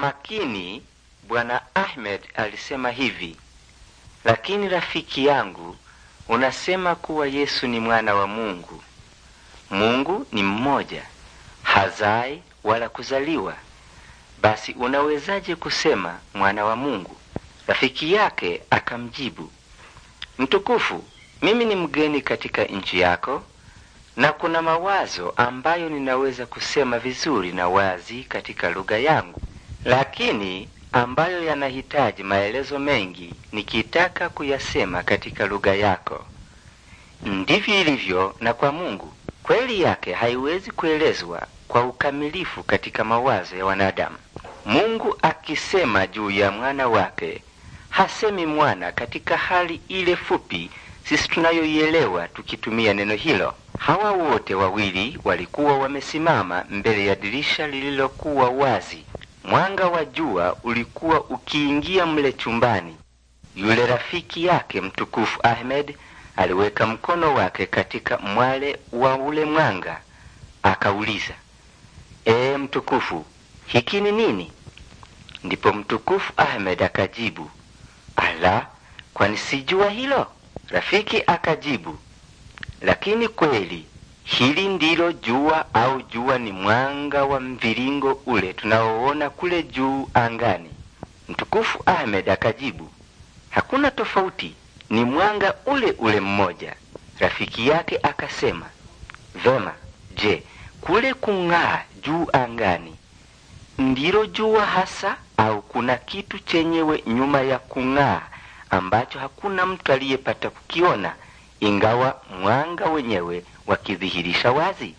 makini Bwana Ahmed alisema hivi, lakini rafiki yangu, unasema kuwa Yesu ni mwana wa Mungu. Mungu ni mmoja, hazai wala kuzaliwa. Basi unawezaje kusema mwana wa Mungu? Rafiki yake akamjibu, mtukufu, mimi ni mgeni katika nchi yako na kuna mawazo ambayo ninaweza kusema vizuri na wazi katika lugha yangu lakini ambayo yanahitaji maelezo mengi nikitaka kuyasema katika lugha yako. Ndivyo ilivyo na kwa Mungu. Kweli yake haiwezi kuelezwa kwa ukamilifu katika mawazo ya wanadamu. Mungu akisema juu ya mwana wake, hasemi mwana katika hali ile fupi sisi tunayoielewa tukitumia neno hilo. Hawa wote wawili walikuwa wamesimama mbele ya dirisha lililokuwa wazi. Mwanga wa jua ulikuwa ukiingia mle chumbani. Yule rafiki yake mtukufu Ahmed aliweka mkono wake katika mwale wa ule mwanga, akauliza, ee mtukufu, hiki ni nini? Ndipo mtukufu Ahmed akajibu, ala, kwani sijua hilo? Rafiki akajibu, lakini kweli Hili ndilo jua au jua ni mwanga wa mviringo ule tunaoona kule juu angani. Mtukufu Ahmed akajibu, hakuna tofauti, ni mwanga ule ule mmoja. Rafiki yake akasema, vema, je, kule kung'aa juu angani ndilo jua hasa au kuna kitu chenyewe nyuma ya kung'aa ambacho hakuna mtu aliyepata kukiona? ingawa mwanga wenyewe wakidhihirisha wazi.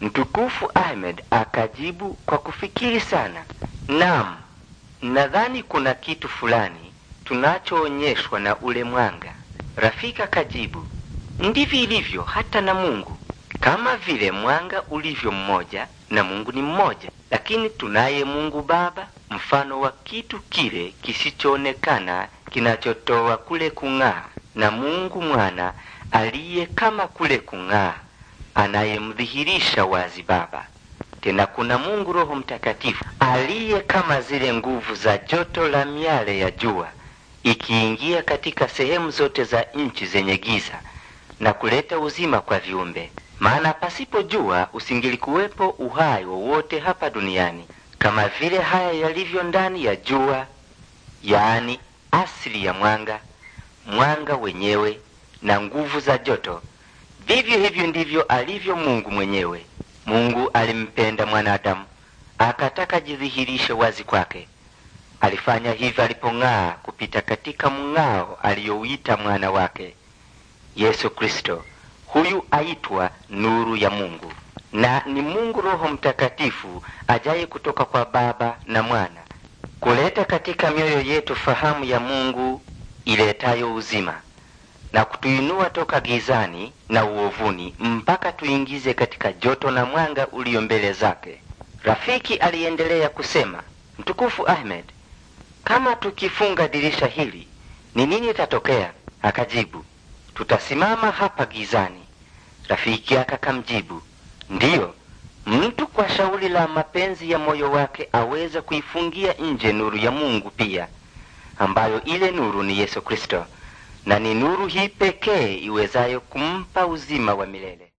Mtukufu Ahmed akajibu kwa kufikiri sana, naam, nadhani kuna kitu fulani tunachoonyeshwa na ule mwanga. Rafiki akajibu, ndivyo ilivyo hata na Mungu, kama vile mwanga ulivyo mmoja na Mungu ni mmoja, lakini tunaye Mungu Baba, mfano wa kitu kile kisichoonekana kinachotoa kule kung'aa, na Mungu Mwana aliye kama kule kung'aa, anayemdhihirisha wazi Baba. Tena kuna Mungu Roho Mtakatifu aliye kama zile nguvu za joto la miale ya jua ikiingia katika sehemu zote za nchi zenye giza na kuleta uzima kwa viumbe. Maana pasipo jua usingilikuwepo uhai wowote hapa duniani, kama vile haya yalivyo ndani ya jua, yaani asili ya mwanga, mwanga wenyewe na nguvu za joto. Vivyo hivyo ndivyo alivyo Mungu mwenyewe. Mungu alimpenda mwanadamu akataka jidhihirishe wazi kwake. Alifanya hivyo alipong'aa kupita katika mng'ao aliyouita mwana wake Yesu Kristo. Huyu aitwa nuru ya Mungu na ni Mungu Roho Mtakatifu ajaye kutoka kwa Baba na Mwana kuleta katika mioyo yetu fahamu ya Mungu iletayo uzima na kutuinua toka gizani na uovuni mpaka tuingize katika joto na mwanga ulio mbele zake. Rafiki aliendelea kusema, Mtukufu Ahmed, kama tukifunga dirisha hili ni nini tatokea? Akajibu, tutasimama hapa gizani. Rafiki akakamjibu, ndiyo, mtu kwa shauri la mapenzi ya moyo wake aweza kuifungia nje nuru ya Mungu pia, ambayo ile nuru ni Yesu Kristo na ni nuru hii pekee iwezayo kumpa uzima wa milele.